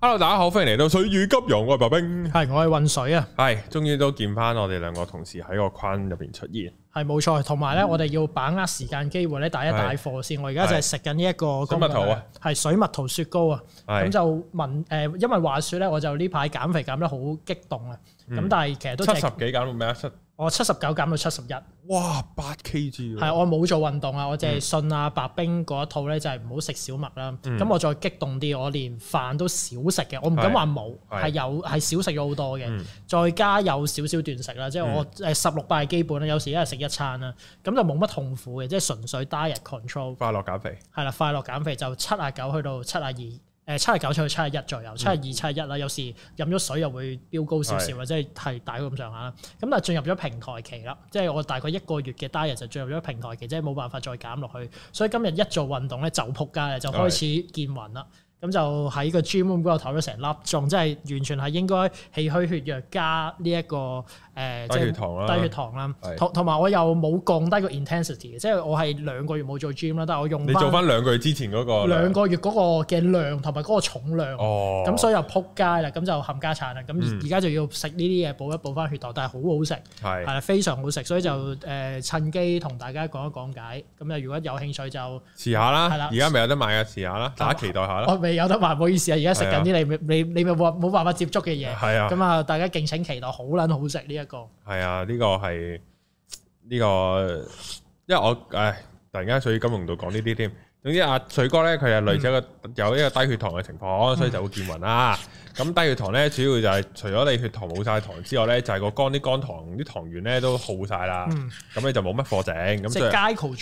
hello，大家好，歡迎嚟到水與金融，我係白兵，係我係渾水啊，係終於都見翻我哋兩個同事喺個框入邊出現，係冇錯，同埋咧我哋要把握時間機會咧帶一帶貨先，我而家就係食緊呢一個蜜桃啊，係水蜜桃雪糕啊，咁是就問誒、呃，因為話說咧，我就呢排減肥減得好激動啊，咁、嗯、但係其實都七十幾減到咩啊七？嗯我七十九減到七十一，哇八 Kg 啊！係我冇做運動啊，我淨係信阿白兵嗰一套咧，就係唔好食小麥啦。咁我再激動啲，我連飯都少食嘅，我唔敢話冇，係有係少食咗好多嘅。嗯、再加有少少斷食啦，即係我誒十六八基本啦，有時一日食一餐啦，咁就冇乜痛苦嘅，即係純粹單日 control。快樂減肥係啦，快樂減肥就七啊九去到七啊二。誒七十九出去七十一左右，七十二七十一啦，71，嗯、有時飲咗水又會飆高少少，或者係大概咁上下啦。咁但係進入咗平台期啦，即、就、係、是、我大概一個月嘅 diet 就進入咗平台期，即係冇辦法再減落去。所以今日一做運動咧就撲街，就開始見暈啦。咁是就喺個 gym 嗰度唞咗成粒鍾，即係完全係應該氣虛血弱加呢、這、一個。誒低血糖啦，低血糖啦，同同埋我又冇降低個 intensity，即係我係兩個月冇做 gym 啦，但係我用做翻兩個月之前嗰個兩個月嗰個嘅量同埋嗰個重量，咁所以又撲街啦，咁就冚家鏟啦，咁而而家就要食呢啲嘢補一補翻血糖，但係好好食，係係非常好食，所以就誒趁機同大家講一講解，咁啊如果有興趣就遲下啦，係啦，而家未有得買嘅，遲下啦，大家期待下啦，我未有得買，唔好意思啊，而家食緊啲你你你咪冇冇辦法接觸嘅嘢，係啊，咁啊大家敬請期待，好撚好食呢一。係個啊，呢、這個係呢、這個，因為我誒突然間水金融度講呢啲添。總之阿水哥咧，佢係類似一個、嗯、有一個低血糖嘅情況，所以就會見暈啦。咁、嗯、低血糖咧，主要就係、是、除咗你血糖冇晒糖之外咧，就係個肝啲肝糖啲糖原咧都耗晒啦。咁咧、嗯、就冇乜貨整。食街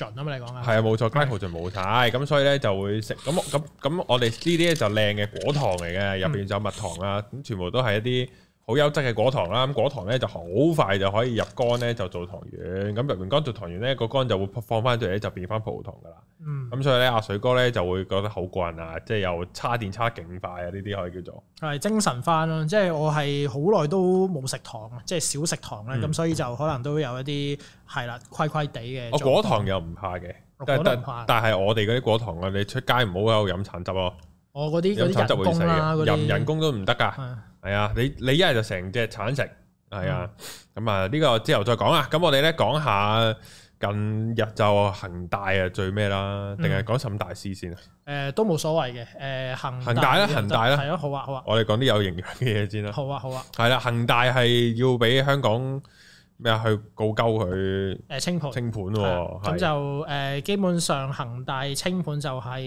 糖啊嘛，你講啊。係啊，冇錯，街糖冇晒，咁、嗯、所以咧就會食。咁咁咁，我哋呢啲咧就靚嘅果糖嚟嘅，入邊就有蜜糖啊，咁全部都係一啲。好優質嘅果糖啦，咁果糖咧就好快就可以入肝咧，就做糖原。咁入完肝做糖原咧，個肝就會放翻出嚟，咧，就變翻葡萄糖噶啦。嗯，咁所以咧阿水哥咧就會覺得好攰啊，即係又差電差得勁快啊，呢啲可以叫做係精神翻咯。即係我係好耐都冇食糖，即係少食糖咧，咁、嗯、所以就可能都有一啲係啦，攰攰地嘅。我果糖又唔怕嘅但，但但係我哋嗰啲果糖啊，你出街唔好喺度飲橙汁哦。我嗰啲飲橙汁會死嘅，飲人、啊、人工都唔得噶。係啊，你你一日就成隻橙食，係啊，咁啊呢個之後再講啊。咁我哋咧講下近日就恒大啊最咩啦，定係講沈大師先啊？誒、嗯呃，都冇所謂嘅，誒恒恒大啦、就是，恒大啦，係咯，好啊，好啊。我哋講啲有營養嘅嘢先啦。好啊，好啊。係啦，恒大係要俾香港。咩啊？去告鳩佢？誒清盤清盤喎，咁的的就誒、呃、基本上恒大清盤就係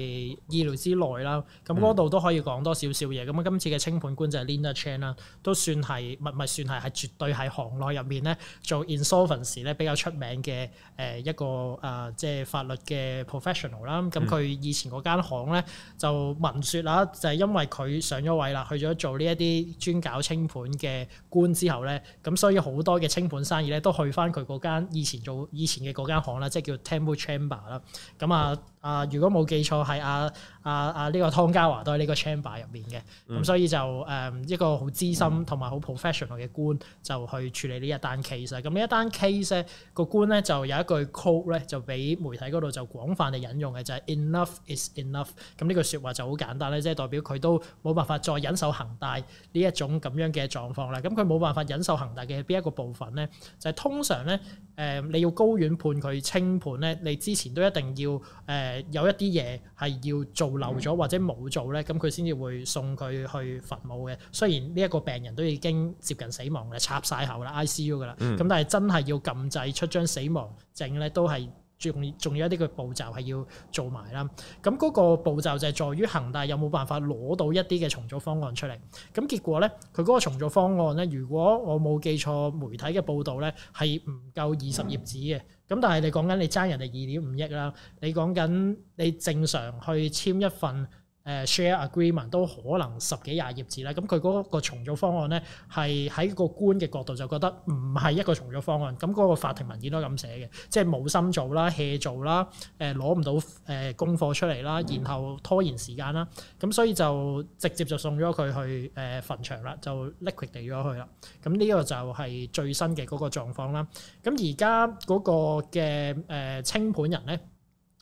意料之內啦。咁嗰度都可以講多少少嘢。咁啊，今次嘅清盤官就係 Linda Chan 啦，都算係咪咪算係係絕對係行內入面咧做 insolvency 咧比較出名嘅誒一個啊、呃呃，即係法律嘅 professional 啦。咁佢以前嗰間行咧就聞説啦，就係、就是、因為佢上咗位啦，去咗做呢一啲專搞清盤嘅官之後咧，咁所以好多嘅清盤生。而咧都去翻佢嗰間以前做以前嘅嗰間行啦，即係叫 Temple Chamber 啦，咁啊。嗯啊，如果冇記錯係啊啊啊呢、這個湯家驊都喺呢個 chamber 入面嘅，咁、嗯嗯、所以就誒、嗯、一個好資深同埋好 professional 嘅官就去處理呢一單 case、嗯。咁、嗯、呢一單 case 咧，那個官咧就有一句 quote 咧就俾媒體嗰度就廣泛地引用嘅，就係、是、enough is enough。咁呢句説話就好簡單咧，即、就、係、是、代表佢都冇辦法再忍受恒大呢一種咁樣嘅狀況啦。咁佢冇辦法忍受恒大嘅邊一個部分咧，就係、是、通常咧誒、呃、你要高院判佢清盤咧，你之前都一定要誒。呃呃誒有一啲嘢係要做漏咗或者冇做咧，咁佢先至會送佢去墳墓嘅。雖然呢一個病人都已經接近死亡，誒插晒喉啦，ICU 嘅啦，咁、嗯、但係真係要撳掣出張死亡證咧，都係。仲有一啲嘅步驟係要做埋啦，咁嗰個步驟就係在於恒大有冇辦法攞到一啲嘅重組方案出嚟，咁結果咧佢嗰個重組方案咧，如果我冇記錯媒體嘅報導咧，係唔夠二十頁紙嘅，咁但係你講緊你爭人哋二點五億啦，你講緊你正常去簽一份。誒、uh, share agreement 都可能十幾廿頁紙咧，咁佢嗰個重組方案咧，係喺個官嘅角度就覺得唔係一個重組方案，咁嗰個法庭文件都係咁寫嘅，即係冇心做啦、hea 做啦、誒攞唔到誒功課出嚟啦，然後拖延時間啦，咁所以就直接就送咗佢去誒墳、呃、場啦，就 liquidate 咗佢啦。咁、呃、呢個就係最新嘅嗰個狀況啦。咁而家嗰個嘅誒清盤人咧？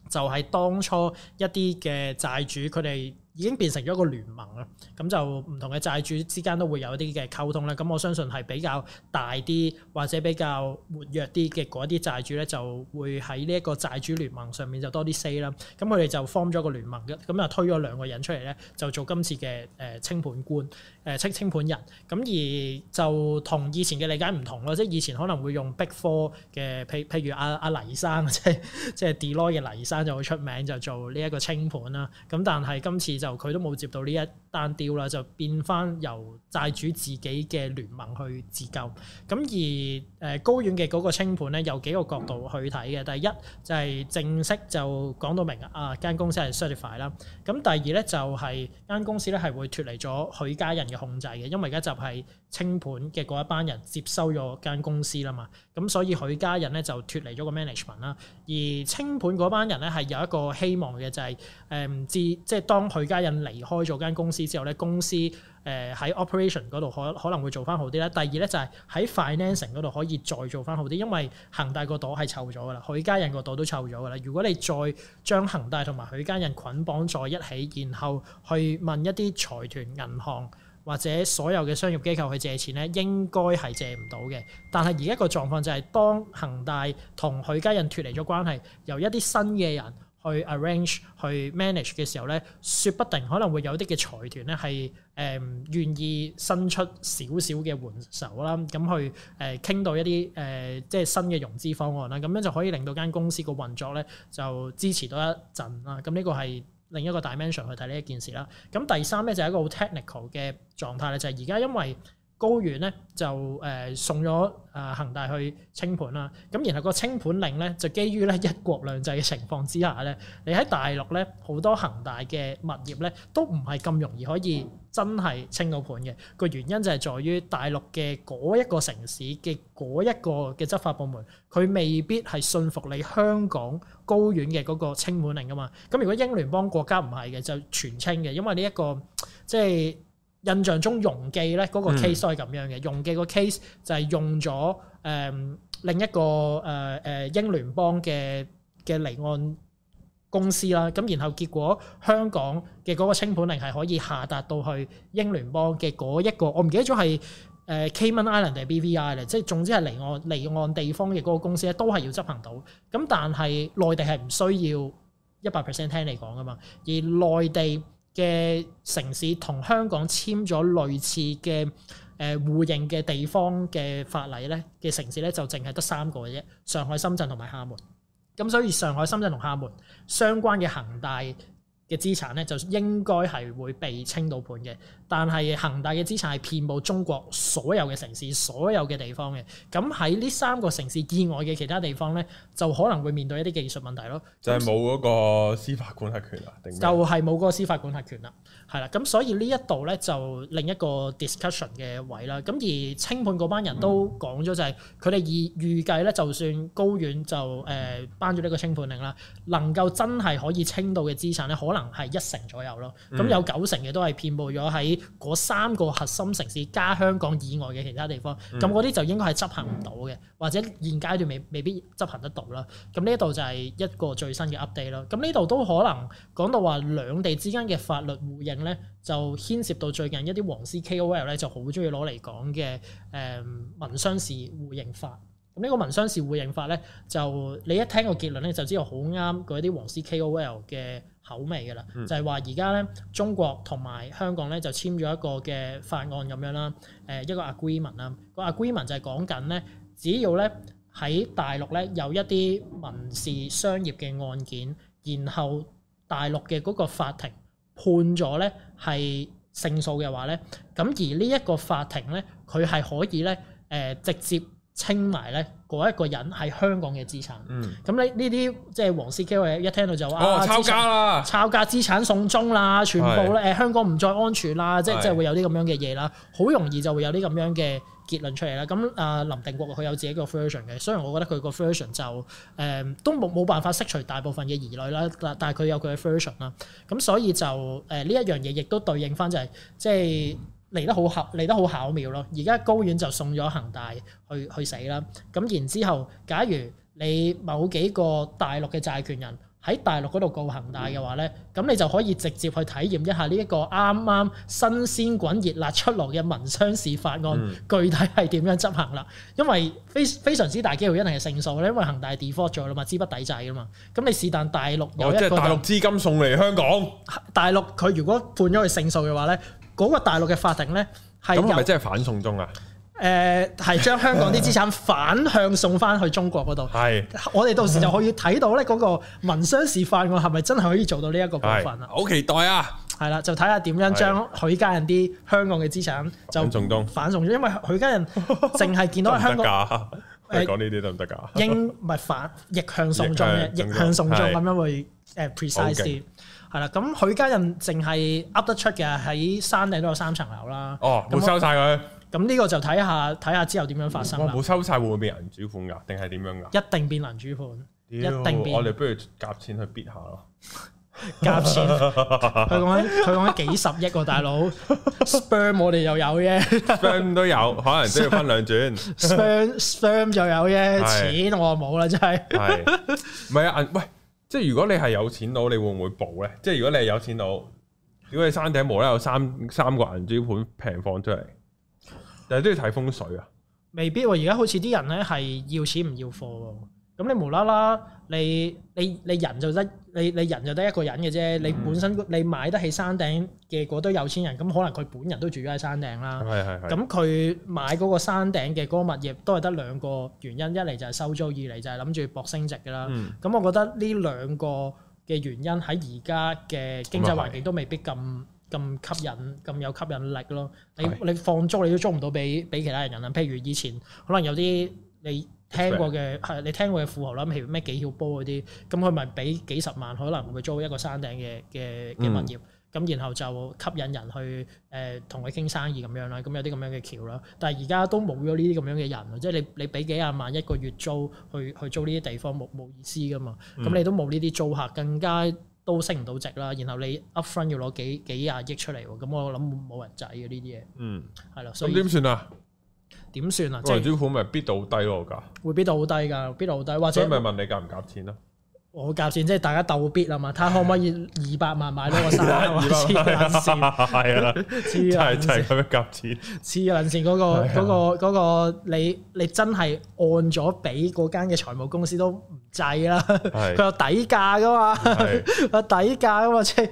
就係當初一啲嘅債主，佢哋，已經變成咗一個聯盟啊！咁就唔同嘅債主之間都會有一啲嘅溝通啦。咁我相信係比較大啲或者比較活躍啲嘅嗰啲債主咧，就會喺呢一個債主聯盟上面就多啲 say 啦。咁佢哋就 form 咗個聯盟嘅，咁就推咗兩個人出嚟咧，就做今次嘅誒清盤官誒清、呃、清盤人。咁而就同以前嘅理解唔同咯，即係以前可能會用 Big Four 嘅，譬譬如阿阿黎生，即係即係 Deloitte 嘅黎生就好出名，就做呢一個清盤啦。咁但係今次就。就佢都冇接到呢一單刁啦，就變翻由債主自己嘅聯盟去自救。咁而誒高院嘅嗰個清盤咧，有幾個角度去睇嘅。第一就係、是、正式就講到明啊，間公司係 certified 啦。咁第二咧就係、是、間公司咧係會脱離咗許家人嘅控制嘅，因為而家就係、是。清盤嘅嗰一班人接收咗間公司啦嘛，咁所以許家印咧就脱離咗個 management 啦，而清盤嗰班人咧係有一個希望嘅就係、是，誒、嗯、唔知即係當許家印離開咗間公司之後咧，公司誒喺、呃、operation 嗰度可可能會做翻好啲啦。第二咧就係、是、喺 financing 嗰度可以再做翻好啲，因為恒大個朵係臭咗噶啦，許家印個朵都臭咗噶啦。如果你再將恒大同埋許家印捆綁在一起，然後去問一啲財團銀行。或者所有嘅商業機構去借錢咧，應該係借唔到嘅。但係而家個狀況就係，當恒大同許家印脫離咗關係，由一啲新嘅人去 arrange、去 manage 嘅時候咧，說不定可能會有啲嘅財團咧係誒願意伸出少少嘅援手啦，咁去誒傾、呃、到一啲誒、呃、即係新嘅融資方案啦，咁樣就可以令到間公司個運作咧就支持多一陣啦。咁呢個係。另一個 dimension 去睇呢一件事啦，咁第三咧就係一個好 technical 嘅狀態咧，就係而家因為高院咧就誒送咗誒恒大去清盤啦，咁然後個清盤令咧就基於咧一國兩制嘅情況之下咧，你喺大陸咧好多恒大嘅物業咧都唔係咁容易可以。真係清到盤嘅，個原因就係在於大陸嘅嗰一個城市嘅嗰一個嘅執法部門，佢未必係信服你香港高院嘅嗰個清盤令噶嘛。咁如果英聯邦國家唔係嘅，就全清嘅，因為呢一個即係印象中容記咧嗰個 case 都係咁樣嘅，容記個 case 就係用咗誒另一個誒誒英聯邦嘅嘅離岸公司啦，咁然後結果香港嘅嗰個清盤令係可以下達到去英聯邦嘅嗰一個，我唔記得咗係誒 Cayman Island 定係 BVI 咧，呃、VI，即係總之係離岸離岸地方嘅嗰個公司咧，都係要執行到。咁但係內地係唔需要一百 percent 聽你講噶嘛。而內地嘅城市同香港簽咗類似嘅誒互認嘅地方嘅法例咧嘅城市咧，就淨係得三個嘅啫，上海、深圳同埋廈門。咁所以上海、深圳同廈門相關嘅恒大嘅資產咧，就應該係會被清到盤嘅。但係恒大嘅資產係遍布中國所有嘅城市、所有嘅地方嘅。咁喺呢三個城市以外嘅其他地方咧，就可能會面對一啲技術問題咯。就係冇嗰個司法管轄權啦，定就係冇個司法管轄權啦。係啦，咁所以呢一度咧就另一個 discussion 嘅位啦。咁而清盤嗰班人都講咗就係佢哋預計咧，嗯、就算高院就誒頒咗呢個清盤令啦，能夠真係可以清到嘅資產咧，可能係一成左右咯。咁有九成嘅都係遍布咗喺。嗰三個核心城市加香港以外嘅其他地方，咁嗰啲就應該係執行唔到嘅，或者現階段未未必執行得到啦。咁呢一度就係一個最新嘅 update 啦。咁呢度都可能講到話兩地之間嘅法律互認咧，就牽涉到最近一啲黃絲 KOL 咧就好中意攞嚟講嘅誒、嗯、民商事互認法。咁呢個民商事互認法咧，就你一聽個結論咧，就知道好啱嗰啲黃絲 KOL 嘅。口味㗎啦，就係話而家咧，中國同埋香港咧就簽咗一個嘅法案咁樣啦，誒一個 agreement 啦，個 agreement 就係講緊咧，只要咧喺大陸咧有一啲民事商業嘅案件，然後大陸嘅嗰個法庭判咗咧係勝訴嘅話咧，咁而呢一個法庭咧，佢係可以咧誒直接清埋咧。嗰一個人係香港嘅資產，咁你呢啲即係黃絲 K，一聽到就話哦，產抄家啦，抄家資產送中啦，全部咧誒的香港唔再安全啦，即係即係會有啲咁樣嘅嘢啦，好容易就會有啲咁樣嘅結論出嚟啦。咁啊林定國佢有自己個 version 嘅，雖然我覺得佢個 version 就誒、呃、都冇冇辦法釋除大部分嘅疑慮啦，但但係佢有佢嘅 version 啦。咁所以就誒呢一樣嘢亦都對應翻就係即係。就是嗯嚟得好巧，嚟得好巧妙咯！而家高院就送咗恒大去去死啦。咁然之後，假如你某幾個大陸嘅債權人喺大陸嗰度告恒大嘅話咧，咁、嗯、你就可以直接去體驗一下呢一個啱啱新鮮滾熱辣出爐嘅民商事法案，嗯、具體係點樣執行啦？因為非非常之大機會一定係勝訴咧，因為恒大 default 咗啦嘛，資不抵債噶嘛。咁你是但大陸有一個、哦、即係大陸資金送嚟香港，大陸佢如果判咗佢勝訴嘅話咧。嗰個大陸嘅法庭咧，係咁係咪真係反送中啊？誒、呃，係將香港啲資產反向送翻去中國嗰度。係， 我哋到時就可以睇到咧嗰個民商事法喎，係咪真係可以做到呢一個部分啊？好期待啊！係啦，就睇下點樣將許家印啲香港嘅資產就反送中，因為許家印淨係見到香港你講呢啲得唔得㗎？應唔係反逆向送中嘅，逆向送中咁樣會。誒 precise 啲係啦，咁許家印淨係噏得出嘅，喺山頂都有三層樓啦。哦，冇收晒佢。咁呢個就睇下，睇下之後點樣發生。冇收晒會唔會變銀主盤㗎？定係點樣㗎？一定變銀主盤，一定變。屌，我哋不如夾錢去 bid 下咯。夾錢，佢講緊佢講緊幾十億喎，大佬。Sperm 我哋又有啫。Sperm 都有，可能都要分兩轉。Sperm Sperm 就有啫，錢我冇啦，真係。係。唔係啊，喂。即係如果你係有錢佬，你會唔會補咧？即係如果你係有錢佬，如果你山頂冇咧，有三三個銀紙盤平放出嚟，但係都要睇風水啊？未必喎，而家好似啲人咧係要錢唔要貨喎，咁你無啦啦，你你你人就得。你你人就得一個人嘅啫，你本身你買得起山頂嘅嗰堆有錢人，咁可能佢本人都住咗喺山頂啦。係係係。咁佢買嗰個山頂嘅嗰個物業，都係得兩個原因，一嚟就係收租，二嚟就係諗住搏升值㗎喇。咁我覺得呢兩個嘅原因喺而家嘅經濟環境都未必咁咁吸引，咁有吸引力咯。你你放租你都租唔到俾俾其他人啦。譬如以前可能有啲你聽過嘅係你聽過嘅富豪啦，譬如咩紀曉波嗰啲，咁佢咪俾幾十萬，可能會租一個山頂嘅嘅嘅物業，咁、嗯、然後就吸引人去誒同佢傾生意咁樣啦，咁有啲咁樣嘅橋啦。但係而家都冇咗呢啲咁樣嘅人，即係你你俾幾廿萬一個月租去去租呢啲地方，冇冇意思㗎嘛？咁、嗯、你都冇呢啲租客，更加都升唔到值啦。然後你 upfront 要攞幾幾廿億出嚟喎，咁我諗冇人制嘅呢啲嘢。嗯，係啦，所以點算啊？點算啊？個樓主盤咪必到好低喎？價會必到好低㗎，必到好低。或者咪問你夾唔夾錢咯？我夾錢，即係大家鬥 bid 啊嘛，睇下可唔可以二百萬買到個山啊嘛？係啦，黐撚線係咪夾錢？黐撚線嗰個嗰個嗰個你你真係按咗俾嗰間嘅財務公司都唔制啦。佢有底價㗎嘛？有底價㗎嘛？即係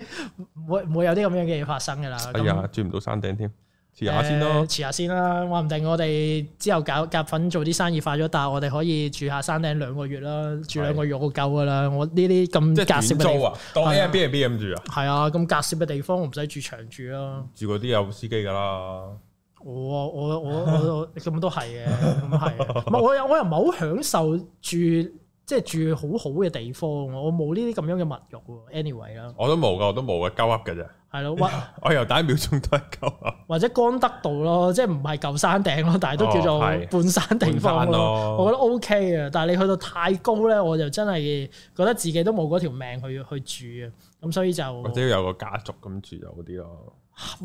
冇冇有啲咁樣嘅嘢發生㗎啦。哎呀，轉唔到山頂添。遲下先咯、呃，遲下先啦。話唔定我哋之後搞夾份做啲生意快咗，但係我哋可以住下山頂兩個月啦。住兩個月好夠㗎啦。我呢啲咁夾蝕嘅地方，即啊啊、當 Airbnb 住啊。係啊，咁夾蝕嘅地方我唔使住長住、啊、住啦。住嗰啲有司機㗎啦。我我我我咁都係嘅，咁係。 唔係我又我又唔係好享受住。即係住好好嘅地方，我冇呢啲咁樣嘅物欲，anyway 啦。我都冇噶， 我都冇嘅，鳩噏嘅啫。係咯，我我由第一秒鐘都係鳩噏。或者干德道咯，即係唔係舊山頂咯，但係都叫做半山地方、哦、半山咯，半山咯。我覺得 OK 啊，但係你去到太高咧，我就真係覺得自己都冇嗰條命去去住啊。咁所以就或者要有個家族咁住就好啲咯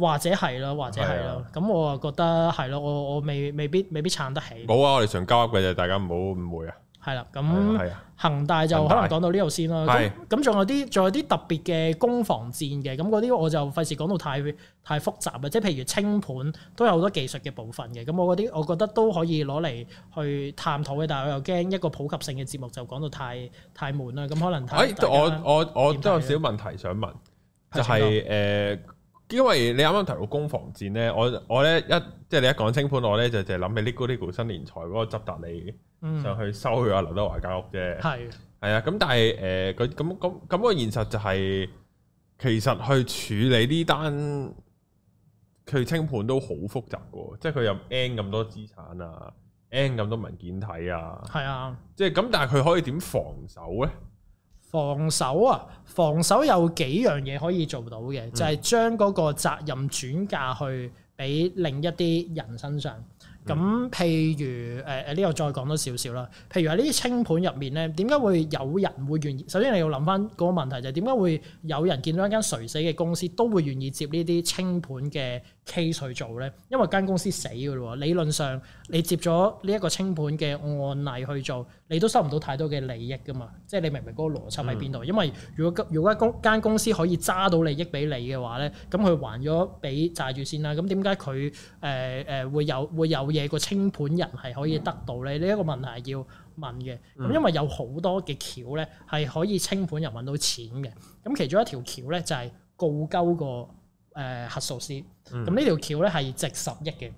或。或者係咯，或者係咯，咁我就覺得係咯，我我未未必未必，未必撐得起。冇啊，我哋純鳩噏嘅啫，大家唔好誤會啊。係啦，咁恒大就可能講到呢度先啦。咁仲大有啲，仲有啲特別嘅攻防戰嘅，咁嗰啲我就費事講到太太複雜啦。即係譬如清盤都有好多技術嘅部分嘅，咁我嗰啲我覺得都可以攞嚟去探討嘅，但係我又驚一個普及性嘅節目就講到太太悶啦。咁可能誒、欸，我我我都有少問題想問，就係、是、誒。因為你啱啱提到攻防戰咧，我我咧一即係，你一講清盤，我咧就淨係諗起呢個呢個新年賽嗰個執達你、嗯、上去收去阿劉德華間屋啫。係係啊，咁但係誒，佢咁咁咁個現實就係、是，其實去處理呢單佢清盤都好複雜嘅，即係佢有 N 咁多資產啊的，N 咁多文件睇啊。係啊的，即係咁，但係佢可以點防守咧？防守啊，防守有幾樣嘢可以做到嘅，就係將嗰個責任轉嫁去俾另一啲人身上。咁譬如誒誒呢個再講多少少啦。譬如喺呢啲清盤入面咧，點解會有人會願意？首先你要諗翻嗰個問題就係點解會有人見到一間垂死嘅公司都會願意接呢啲清盤嘅？case 去做咧，因為間公司死噶啦喎。理論上你接咗呢一個清盤嘅案例去做，你都收唔到太多嘅利益噶嘛。即係你明唔明嗰個邏輯喺邊度？嗯、因為如果如果間公司可以揸到利益俾你嘅話咧，咁佢還咗俾債主先啦。咁點解佢誒誒會有會有嘢個清盤人係可以得到咧？呢一、嗯、個問題係要問嘅。咁因為有好多嘅橋咧，係可以清盤人揾到錢嘅。咁其中一條橋咧就係告鳩個。呃、核數師，咁呢、嗯、條橋咧係值十億嘅，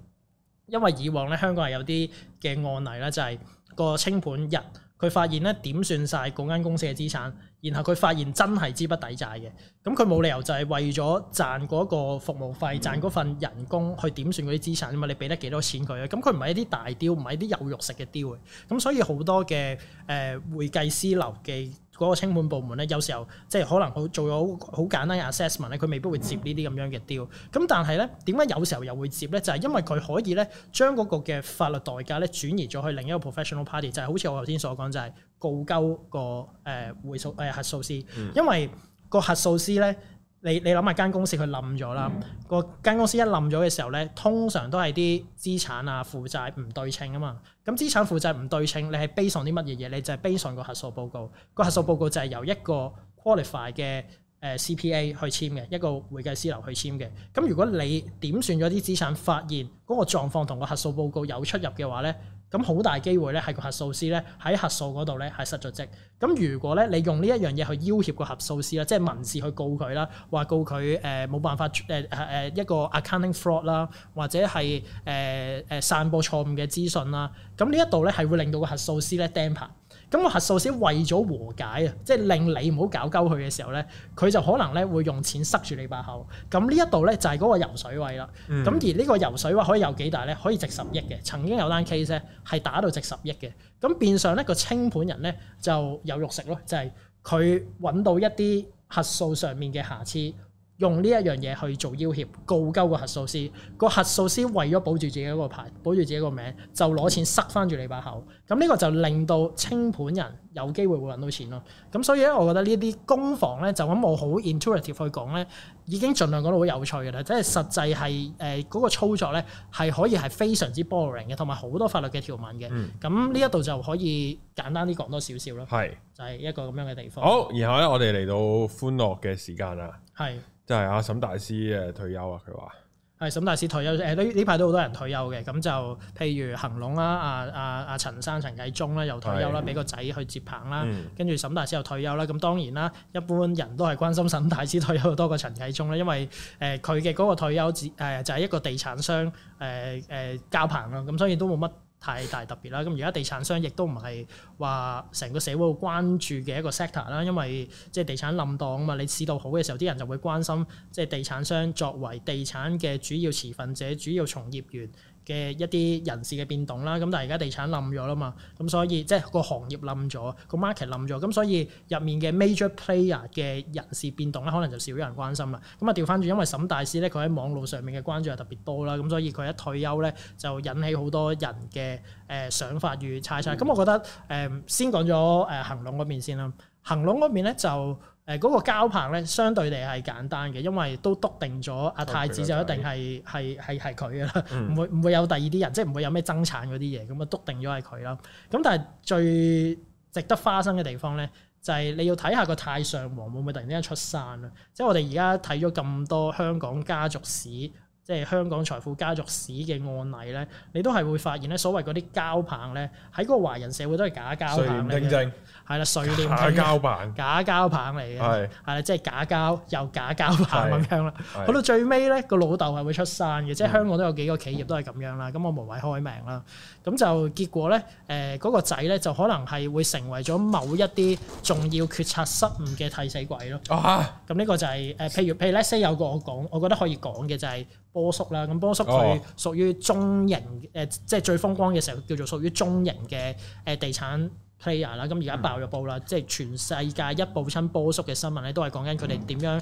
因為以往咧香港係有啲嘅案例咧，就係個清盤日佢發現咧點算晒嗰間公司嘅資產，然後佢發現真係資不抵債嘅，咁佢冇理由就係為咗賺嗰個服務費、嗯、賺嗰份人工去點算嗰啲資產啊嘛，你俾得幾多錢佢啊？咁佢唔係一啲大刁，唔係一啲有肉食嘅刁嘅，咁所以好多嘅誒、呃、會計師留記。嗰個清盤部門咧，有時候即係可能佢做咗好簡單嘅 assessment 咧，佢未必會接呢啲咁樣嘅 deal。咁但係咧，點解有時候又會接咧？就係、是、因為佢可以咧將嗰個嘅法律代價咧轉移咗去另一個 professional party，就係好似我頭先所講，就係、是就是、告鳩、那個誒、呃、會數誒、呃、核數師，嗯、因為個核數師咧。你你諗下間公司佢冧咗啦，個間公司一冧咗嘅時候咧，通常都係啲資產啊負債唔對稱啊嘛。咁資產負債唔對稱，你係 base on 啲乜嘢嘢？你就係 base on 個核數報告。個核數報告就係由一個 qualify 嘅誒 CPA 去簽嘅，一個會計師樓去簽嘅。咁如果你點算咗啲資產，發現嗰個狀況同個核數報告有出入嘅話咧？咁好大機會咧，係個核數師咧喺核數嗰度咧係失咗職。咁如果咧你用呢一樣嘢去要挾個核數師啦，即係民事去告佢啦，話告佢誒冇辦法誒誒、呃呃、一個 accounting fraud 啦，或者係誒誒散播錯誤嘅資訊啦。咁呢一度咧係會令到個核數師咧釘棚。咁個核數師為咗和解啊，即係令你唔好搞鳩佢嘅時候咧，佢就可能咧會用錢塞住你把口。咁呢一度咧就係嗰個游水位啦。咁、嗯、而呢個游水位可以有幾大咧？可以值十億嘅。曾經有單 case 咧係打到值十億嘅。咁變相咧個清盤人咧就有肉食咯，就係佢揾到一啲核數上面嘅瑕疵。用呢一樣嘢去做要挾、告鳩個核數師，個核數師為咗保住自己嗰個牌，保住自己個名，就攞錢塞翻住你把口。咁呢個就令到清盤人有機會會揾到錢咯。咁所以咧，我覺得呢啲攻防咧，就咁我好 intuitive 去講咧，已經盡量講到好有趣嘅啦。即係實際係誒嗰個操作咧，係可以係非常之 boring 嘅，同埋好多法律嘅條文嘅。咁呢一度就可以簡單啲講多少少咯。係是，就係一個咁樣嘅地方。好，然後咧，我哋嚟到歡樂嘅時間啦。係，就係阿沈大師誒退休啊，佢話係沈大師退休誒，呢呢排都好多人退休嘅，咁就譬如恒隆啦，阿阿阿陳生陳啟宗啦又退休啦，俾是個仔去接棒啦，跟住、嗯、沈大師又退休啦，咁當然啦，一般人都係關心沈大師退休多過陳啟宗啦，因為誒佢嘅嗰個退休只誒、呃、就係、是、一個地產商誒誒、呃呃、交棒咯，咁所以都冇乜。太大特別啦，咁而家地產商亦都唔係話成個社會好關注嘅一個 sector 啦，因為即係地產冧檔啊嘛，你市道好嘅時候，啲人就會關心即係地產商作為地產嘅主要持份者、主要從業員嘅一啲人事嘅變動啦，咁但係而家地產冧咗啦嘛，咁所以即係個行業冧咗，個 market 冧咗，咁所以入面嘅 major player 嘅人事變動咧，可能就少有人關心啦。咁啊調返轉，因為沈大師咧，佢喺網路上面嘅關注係特別多啦，咁所以佢一退休咧，就引起好多人嘅誒想法與猜測。咁、嗯、我覺得誒先講咗誒恆隆嗰邊先啦，恒隆嗰邊咧就。誒嗰個交棒咧，相對地係簡單嘅，因為都篤定咗阿太子就一定係係係係佢嘅啦，唔會唔會有第二啲人，即係唔會有咩爭產嗰啲嘢，咁啊篤定咗係佢啦。咁但係最值得花生嘅地方咧，就係、是、你要睇下個太上皇會唔會突然之間出山啦。即、就、係、是、我哋而家睇咗咁多香港家族史。即係香港財富家族史嘅案例咧，你都係會發現咧，所謂嗰啲膠棒咧，喺個華人社會都係假膠棒嚟嘅。證係啦，水電聽證假膠棒，假膠棒嚟嘅係啦，即係假膠又假膠棒咁的樣啦。去的到最尾咧，個老豆係會出山嘅，即係香港都有幾個企業都係咁樣啦。咁、嗯、我無謂開名啦。咁就結果咧，誒、呃、嗰、那個仔咧就可能係會成為咗某一啲重要決策失誤嘅替死鬼咯。咁呢、啊、個就係、是、誒、呃，譬如譬如 let's say 有個我講，我覺得可以講嘅就係波叔啦。咁波叔佢屬於中型誒、啊呃，即係最風光嘅時候叫做屬於中型嘅誒地產 player 啦。咁而家爆咗煲啦，嗯、即係全世界一報親波叔嘅新聞咧，都係講緊佢哋點樣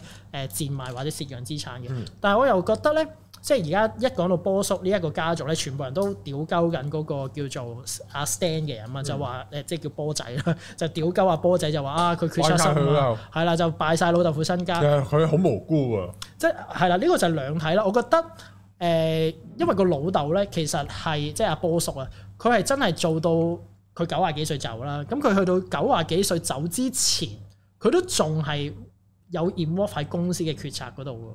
誒賤賣或者蝕讓資產嘅。嗯嗯、但係我又覺得咧。即係而家一講到波叔呢一個家族咧，全部人都屌鳩緊嗰個叫做阿 Stan 嘅人啊，嗯、就話誒，即係叫波仔啦，就屌鳩阿波仔，就話啊，佢決策失誤，係啦，就敗晒老豆副身家。佢好無辜啊。即係係啦，呢、呢個就兩睇啦。我覺得誒、呃，因為個老豆咧，其實係即係阿波叔啊，佢係真係做到佢九廿幾歲走啦。咁佢去到九廿幾歲走之前，佢都仲係有 involve 喺公司嘅決策嗰度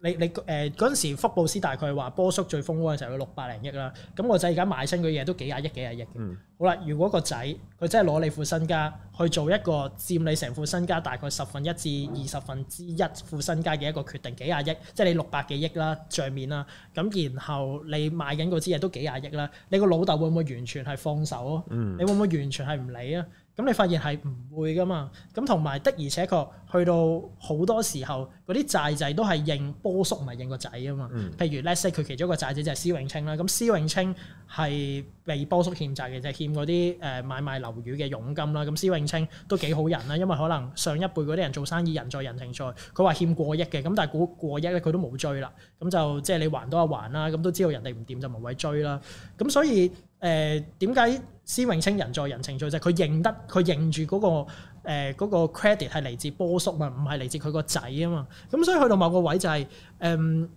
你你誒嗰陣時福布斯大概話波叔最風光嘅時候要六百零億啦，咁我仔而家買親嗰嘢都幾廿億幾廿億，嗯、好啦，如果個仔佢真係攞你副身家去做一個佔你成副身家大概十分一至二十分之一副身家嘅一個決定，幾廿億，即係你六百幾億啦，帳面啦，咁然後你買緊嗰支嘢都幾廿億啦，你個老豆會唔會完全係放手啊？嗯、你會唔會完全係唔理啊？咁你發現係唔會噶嘛？咁同埋的而且確，去到好多時候，嗰啲債仔都係認波叔唔係認個仔啊嘛。譬如，let's say 佢其中一個債仔就係施永青啦。咁施永青係被波叔欠債嘅，就係欠嗰啲誒買賣樓宇嘅佣金啦。咁施永青都幾好人啦，因為可能上一輩嗰啲人做生意，人在人情在，佢話欠過億嘅，咁但係過過億咧佢都冇追啦。咁就即係你還都係還啦，咁都知道人哋唔掂就無謂追啦。咁所以誒點解？施永青人在人情在就係佢認得佢認住嗰、那個誒嗰、呃那個 credit 係嚟自波叔啊，唔係嚟自佢個仔啊嘛，咁所以去到某個位就係、是、誒。嗯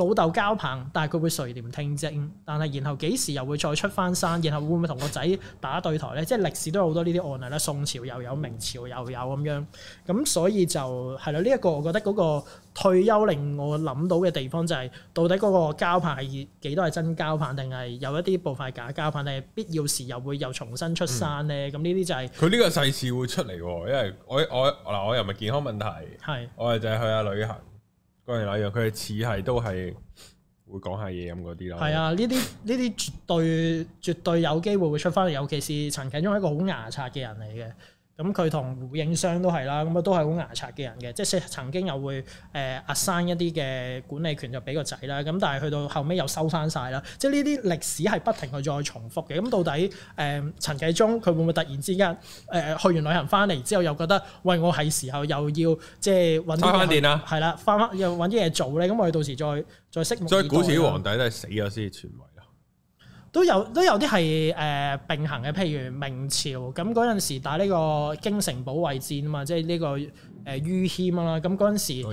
老豆交棒，但係佢會垂簾聽政，但係然後幾時又會再出翻山，然後會唔會同個仔打對台咧？即係歷史都有好多呢啲案例啦，宋朝又有，明朝又有咁樣，咁所以就係啦。呢一個我覺得嗰個退休令我諗到嘅地方就係，到底嗰個交棒係幾多係真交棒，定係有一啲部分係假交棒，定係必要時又會又重新出山咧？咁呢啲就係佢呢個世事會出嚟，因為我我嗱我又唔係健康問題，係我哋就係去下旅行。果然一樣，佢哋似係都係會講下嘢咁嗰啲啦。係啊，呢啲呢啲絕對絕對有機會會出翻嚟，尤其是陳啟宗係一個好牙刷嘅人嚟嘅。咁佢同胡應湘都係啦，咁啊都係好牙刷嘅人嘅，即係曾經又會誒壓生一啲嘅管理權就俾個仔啦，咁但係去到後尾又收翻晒啦，即係呢啲歷史係不停去再重複嘅。咁到底誒、呃、陳啟宗佢會唔會突然之間誒、呃、去完旅行翻嚟之後又覺得喂我係時候又要即係揾翻店啊？係啦，翻翻又揾啲嘢做咧。咁、嗯、我哋到時再再識。所以古時啲皇帝都係死咗先至傳位。都有都有啲係誒並行嘅，譬如明朝咁嗰陣時打呢個京城保衛戰啊嘛，即係呢個誒於謙嘛。咁嗰陣時係唔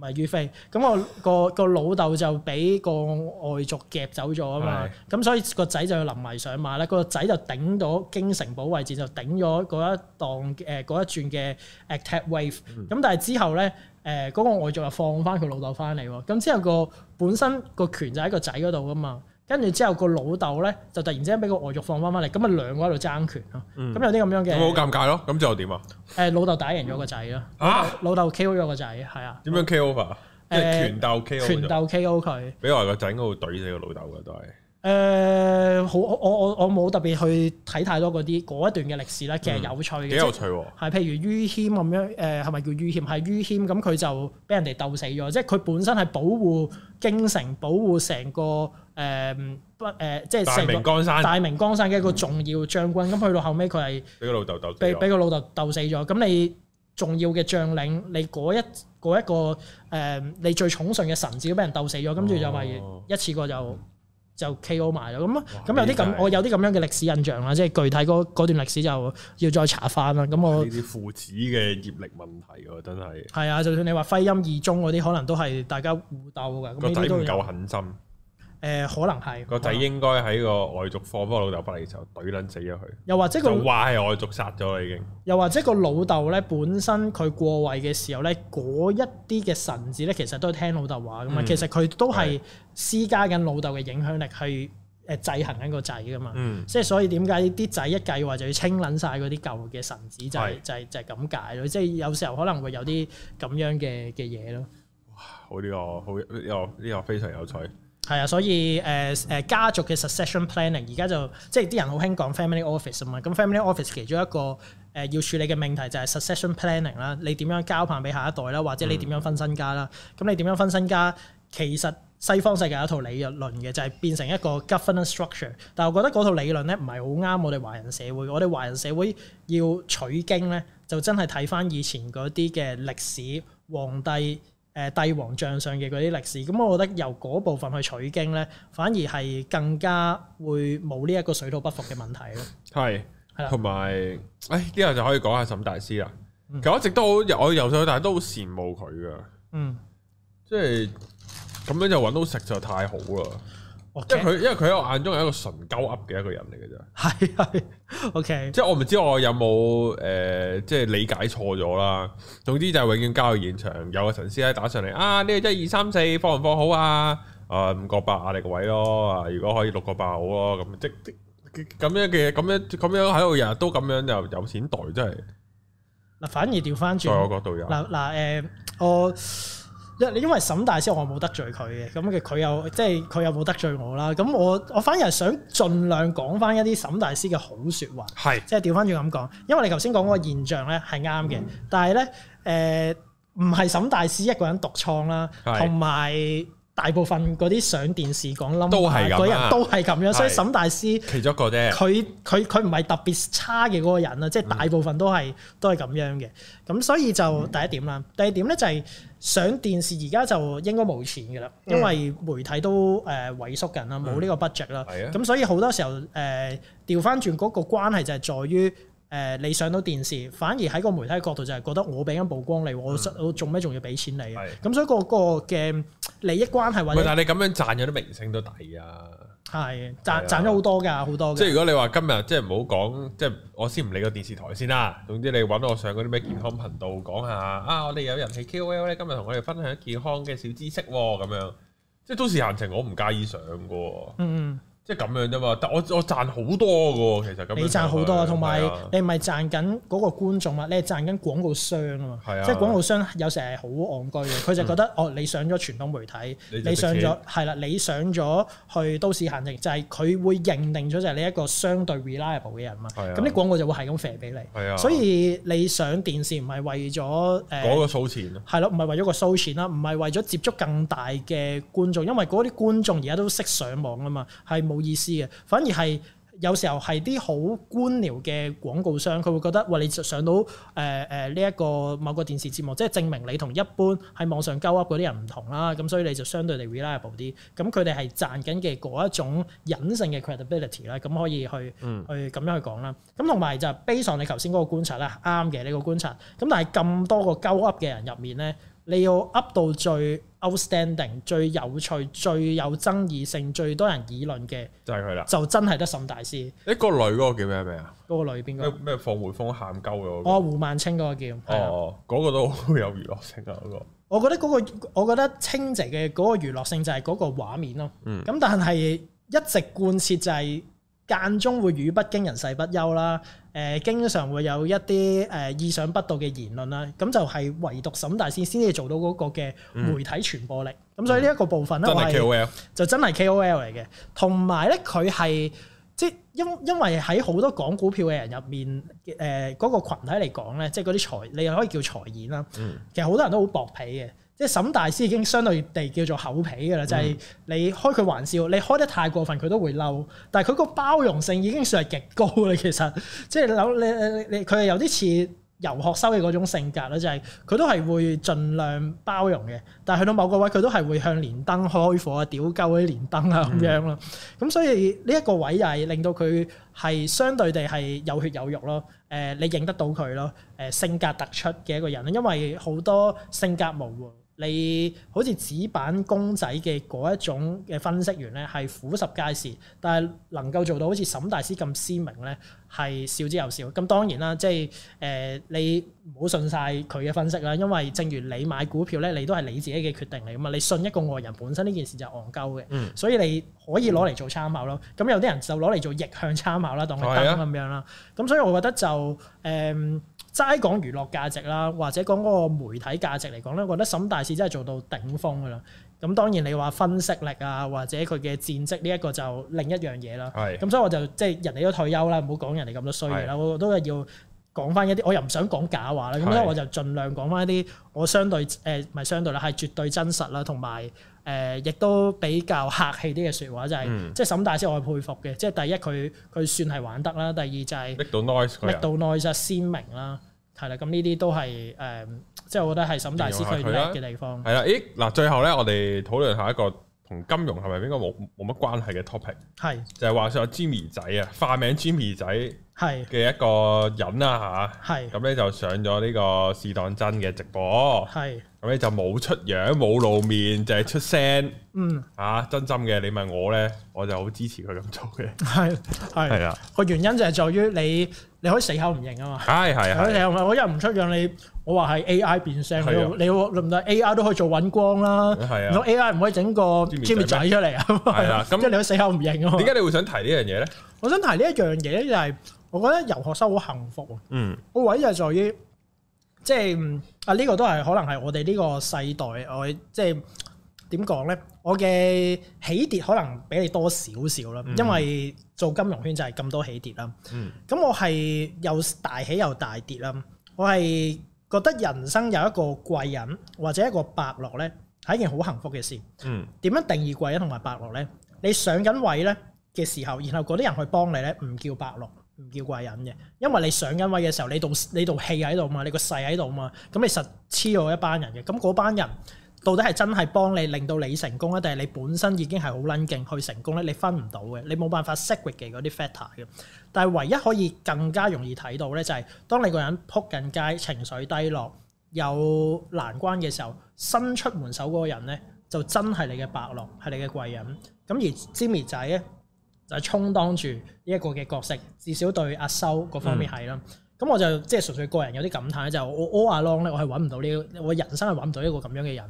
係於飛咁？我個個老豆就俾個外族夾走咗啊嘛，咁所以個仔就臨埋上馬咧。個仔就頂到京城保衛戰就頂咗嗰一檔誒嗰一轉嘅 attack wave。咁但係之後咧誒嗰個外族又放翻佢老豆翻嚟喎。咁之後個本身個權就喺個仔嗰度噶嘛。跟住之後個爸爸，個老豆咧就突然之間俾個外族放翻翻嚟，咁啊兩個喺度爭權啊！咁有啲咁樣嘅，好尷尬咯。咁之後點啊？誒老豆打贏咗個仔咯。老豆 KO 咗個仔，係啊。點樣 KO 啊？呃、即係拳鬥 KO，拳鬥 KO 佢。俾話個仔應該會懟死個老豆嘅都係。誒、呃、好，我我我冇特別去睇太多嗰啲嗰一段嘅歷史咧，嗯、其實有趣嘅。幾有趣喎！係譬如于謙咁樣，誒係咪叫于謙？係于謙咁，佢就俾人哋鬥死咗，即係佢本身係保護京城，保護成個。誒，不誒，即係大明江山，大明江山嘅一個重要將軍。咁去到後尾，佢係俾佢老豆鬥，俾俾佢老豆鬥死咗。咁你重要嘅將領，你嗰一嗰一個誒，你最寵信嘅臣子都俾人鬥死咗，跟住就係一次過就就 K.O. 埋啦。咁咁有啲咁，我有啲咁樣嘅歷史印象啦。即係具體嗰段歷史就要再查翻啦。咁我呢啲父子嘅業力問題，真係係啊！就算你話徽欽二宗嗰啲，可能都係大家互鬥噶。個仔唔夠狠心。誒、呃、可能係個仔應該喺個外族放，不過老豆返嚟嘅時候，懟撚死咗佢。又或者個話係外族殺咗啦，已經。又或者個老豆咧，本身佢過位嘅時候咧，嗰一啲嘅臣子咧，其實都係聽老豆話咁啊。嗯、其實佢都係施加緊老豆嘅影響力去誒制衡緊個仔噶嘛。即係、嗯、所以點解啲仔一繼位就要清撚晒嗰啲舊嘅臣子，就係、是嗯、就係、是、就係、是、咁、就是、解咯。即、就、係、是、有時候可能會有啲咁樣嘅嘅嘢咯。哇！好、這、呢個好呢個呢個非常有趣。係啊，所以誒誒、呃呃、家族嘅 succession planning 而家就即係啲人好興講 family office 啊嘛，咁 family office 其中一個誒、呃、要處理嘅命題就係 succession planning 啦，你點樣交棒俾下一代啦，或者你點樣分身家啦？咁、嗯、你點樣分身家？其實西方世界有一套理論嘅，就係、是、變成一個 governance structure，但係我覺得嗰套理論咧唔係好啱我哋華人社會，我哋華人社會要取經咧，就真係睇翻以前嗰啲嘅歷史皇帝。誒、帝王將相嘅嗰啲歷史，咁我覺得由嗰部分去取經咧，反而係更加會冇呢一個水土不服嘅問題咯。係，同埋誒而家就可以講下沈大師啦。嗯，其實一直都好，我由細到大都好羨慕佢噶。嗯，即係咁樣就揾到食就太好啦。即係佢，Okay. 因為佢喺我眼中係一個純鳩 up 嘅一個人嚟嘅啫。係係，O K。即係我唔知我有冇誒，即、呃、係、就是、理解錯咗啦。總之就係永遠交易現場，有個師奶打上嚟啊！呢、這個一二三四放唔放好啊？誒、呃，五個八壓力位咯。啊、呃，如果可以六個八好咯，咁即咁樣嘅，咁樣咁樣喺度日日都咁樣，就有錢袋真係。嗱，反而調翻轉。我角度有嗱，誒、呃呃呃，我。因為沈大師，我冇得罪佢嘅，咁嘅佢又即係佢又冇得罪我啦。咁我我反而係想盡量講翻一啲沈大師嘅好説話，是即係調翻轉咁講。因為你頭先講嗰個現象咧係啱嘅，嗯、但係咧誒唔係沈大師一個人獨創啦，同埋是。大部分嗰啲上電視講冧嗰人都係咁樣，是所以沈大師，其中一個啫，佢佢佢唔係特別差嘅嗰個人啊，即、就、係、是、大部分都係、嗯、都係咁樣嘅。咁所以就第一點啦，嗯、第二點咧就係上電視而家就應該冇錢㗎啦，嗯、因為媒體都誒萎縮緊啦，冇呢個 budget 啦。咁、嗯、所以好多時候誒調翻轉嗰個關係就係在於。誒，你上到電視，反而喺個媒體角度就係覺得我俾緊曝光、嗯、你，我我做咩仲要俾錢你？咁所以個個嘅利益關係或者……但係你咁樣賺咗啲明星都抵啊！係賺的賺咗好多㗎，好多，即係如果你話今日即係唔好講，即係我先唔理個電視台先啦。總之你揾我上嗰啲咩健康頻道講下啊！我哋有人氣 KOL 咧，今日同我哋分享健康嘅小知識喎、哦。咁樣即係都市閒情，我唔介意上嘅。嗯嗯。即係咁樣啫嘛，但係我我賺好多嘅，其實咁。你賺好多，同埋你唔係賺緊嗰個觀眾嘛，你係賺緊廣告商啊嘛。係啊。即係廣告商有時係好戇居嘅，佢就覺得哦，你上咗傳統媒體，你上咗係啦，你上咗去都市行程，就係佢會認定咗就係你一個相對 reliable 嘅人嘛。係啊。咁啲廣告就會係咁飛俾你。係啊。所以你上電視唔係為咗誒，嗰個數錢咯。係咯，唔係為咗個數錢啦，唔係為咗接觸更大嘅觀眾，因為嗰啲觀眾而家都識上網啊嘛，係冇。意思嘅，反而係有時候係啲好官僚嘅廣告商，佢會覺得，喂！你就上到誒誒呢一個某個電視節目，即係證明你同一般喺網上交 Up 嗰啲人唔同啦，咁所以你就相對地 reliable 啲。咁佢哋係賺緊嘅嗰一種隱性嘅 credibility 咧，咁可以去去咁樣去講啦。咁同埋就係 base on 你頭先嗰個觀察啦，啱嘅呢個觀察。咁但係咁多個交 Up 嘅人入面咧，你要 Up 到最。outstanding 最有趣、最有爭議性、最多人議論嘅就係佢啦，就真係得沈大師。你、欸嗰個女嗰個叫咩名啊？嗰個女邊個？咩放回風喊鳩嘅？哦，胡孟青嗰個叫。哦，嗰個都好有娛樂性啊！嗰個，我覺得嗰個，我覺得清直嘅嗰個娛樂性就係嗰個畫面咯。嗯，咁但係一直貫徹就係。.間中會語不驚人世不休啦，誒經常會有一啲誒意想不到嘅言論啦，咁就係唯獨沈大師先至做到嗰個嘅媒體傳播力，咁、嗯、所以呢一個部分咧、嗯，那個，就就真係 K O L 嚟嘅，同埋咧佢係即係，因因為喺好多講股票嘅人入面，誒嗰個羣體嚟講咧，即係嗰啲財，你又可以叫財演啦，其實好多人都好薄皮嘅。即係沈大師已經相對地叫做厚皮㗎啦，就係、是、你開佢玩笑，你開得太過分佢都會嬲，但係佢個包容性已經算係極高啦。其實即係諗你你你佢係有啲似遊學修嘅嗰種性格啦，就係、是、佢都係會盡量包容嘅，但係去到某個位佢都係會向連登開火啊，屌鳩啲連登啊，咁樣咯。咁、嗯、所以呢一個位又係令到佢係相對地係有血有肉咯。誒，你認得到佢咯？誒，性格突出嘅一個人，因為好多性格模糊。你好似紙板公仔嘅嗰一種嘅分析員咧，係俯拾皆是，但係能夠做到好似沈大師咁鮮明咧，係少之又少。咁當然啦，即係誒、呃、你唔好信晒佢嘅分析啦，因為正如你買股票咧，你都係你自己嘅決定嚟㗎嘛，你信一個外人本身呢件事就戇鳩嘅，嗯、所以你可以攞嚟做參考咯。咁有啲人就攞嚟做逆向參考啦，當佢燈咁樣啦。咁、嗯、所以我覺得就誒。呃齋講娛樂價值啦，或者講嗰個媒體價值嚟講咧，我覺得沈大師真係做到頂峰噶啦。咁當然你話分析力啊，或者佢嘅戰績呢一個就另一樣嘢啦。係。咁所以我就即係、就是、人哋都退休啦，唔好講人哋咁多衰嘢啦。是的 我都係要。講翻一啲，我又唔想講假話啦，咁所以我就盡量講翻一啲我相對誒，咪、呃、相對啦，係絕對真實啦，同埋誒亦都比較客氣啲嘅説話，就係即係沈大師，我係佩服嘅。即係第一佢佢算係玩得啦，第二就係逼到 noise，逼到 noise 鮮明啦，係啦。咁呢啲都係誒，即係我覺得係沈大師佢叻嘅地方。係啦，咦，嗱，最後咧，我哋討論下一個同金融係咪應該冇冇乜關係嘅 topic，係就係話上 Jimmy 仔啊，化名 Jimmy 仔。嘅一個人啦嚇，咁咧就上咗呢個是當真嘅直播，咁咧就冇出樣冇露面，淨係出聲，嗯，嚇真心嘅。你問我咧，我就好支持佢咁做嘅。係係係啊，個原因就係在於你你可以死口唔認啊嘛。係係啊，我一唔出樣你，我話係 A I 變聲，你你諗唔得 A I 都可以做穩光啦。係啊，個 A I 唔可以整個 Jimmy 仔出嚟啊。係啦，因為你可以死口唔認啊嘛。點解你會想提呢樣嘢咧？我想提呢一樣嘢咧，就係我覺得遊學生好幸福啊！嗯，我位就係在於，即係啊，呢個都係可能係我哋呢個世代，我即係點講咧？我嘅起跌可能比你多少少啦，因為做金融圈就係咁多起跌啦。嗯，咁我係又大起又大跌啦。我係覺得人生有一個貴人或者一個伯樂咧，係一件好幸福嘅事。嗯，點樣定義貴人同埋伯樂咧？你上緊位咧嘅時候，然後嗰啲人去幫你咧，唔叫伯樂，唔叫貴人嘅，因為你上緊位嘅時候，你度你度氣喺度嘛，你個勢喺度嘛，咁你實黐咗一班人嘅，咁嗰班人到底係真係幫你，令到你成功咧，定係你本身已經係好撚勁去成功咧？你分唔到嘅，你冇辦法 secret 嘅嗰啲 factor 嘅。但係唯一可以更加容易睇到咧，就係，就係當你個人撲緊街，情緒低落，有難關嘅時候，伸出援手嗰個人咧，就真係你嘅伯樂，係你嘅貴人。咁而 Jimmy 仔咧。就係充當住呢一個嘅角色，至少對阿修嗰方面係啦。咁、嗯、我就即係純粹個人有啲感嘆咧，就係、我 all along 咧、呢個，我係揾唔到呢，我人生係揾唔到呢個咁樣嘅人。